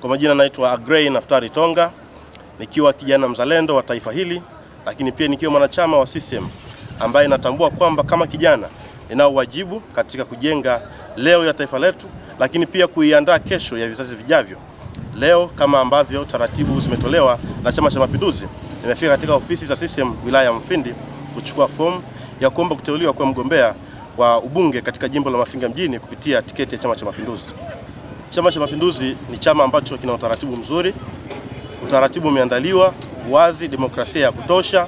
Kwa majina naitwa Agrey Naftari Tonga, nikiwa kijana mzalendo wa taifa hili, lakini pia nikiwa mwanachama wa CCM ambaye natambua kwamba kama kijana ninao wajibu katika kujenga leo ya taifa letu, lakini pia kuiandaa kesho ya vizazi vijavyo. Leo kama ambavyo taratibu zimetolewa na Chama cha Mapinduzi, nimefika katika ofisi za CCM wilaya ya Mfindi kuchukua fomu ya kuomba kuteuliwa kuwa mgombea wa ubunge katika jimbo la Mafinga mjini kupitia tiketi ya Chama cha Mapinduzi. Chama cha Mapinduzi ni chama ambacho kina utaratibu mzuri, utaratibu umeandaliwa wazi, demokrasia ya kutosha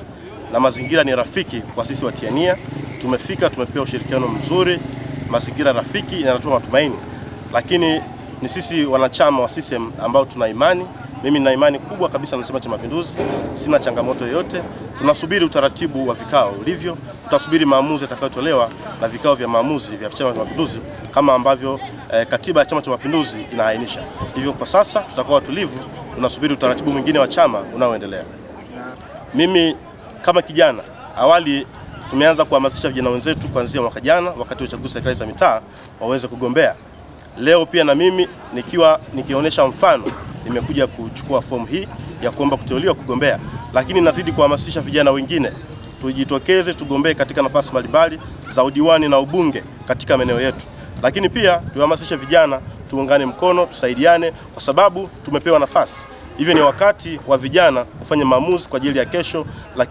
na mazingira ni rafiki kwa sisi watiania. Tumefika, tumepewa ushirikiano mzuri, mazingira rafiki yanatoa matumaini, lakini ni sisi wanachama wa CCM ambao tuna imani mimi nina imani kubwa kabisa na Chama cha Mapinduzi, sina changamoto yoyote. Tunasubiri utaratibu wa vikao ulivyo, tutasubiri maamuzi yatakayotolewa na vikao vya maamuzi vya Chama cha Mapinduzi kama ambavyo eh, katiba ya Chama cha Mapinduzi inaainisha. Hivyo kwa sasa tutakuwa watulivu, tunasubiri utaratibu mwingine wa chama unaoendelea. Mimi kama kijana, awali tumeanza kuhamasisha vijana wenzetu kuanzia mwaka jana, wakati wa uchaguzi wa serikali za mitaa waweze kugombea. Leo pia na mimi nikiwa nikionyesha mfano nimekuja kuchukua fomu hii ya kuomba kuteuliwa kugombea, lakini nazidi kuhamasisha vijana wengine tujitokeze, tugombee katika nafasi mbalimbali za udiwani na ubunge katika maeneo yetu, lakini pia tuhamasishe vijana tuungane mkono, tusaidiane kwa sababu tumepewa nafasi. Hivyo ni wakati wa vijana kufanya maamuzi kwa ajili ya kesho, lakini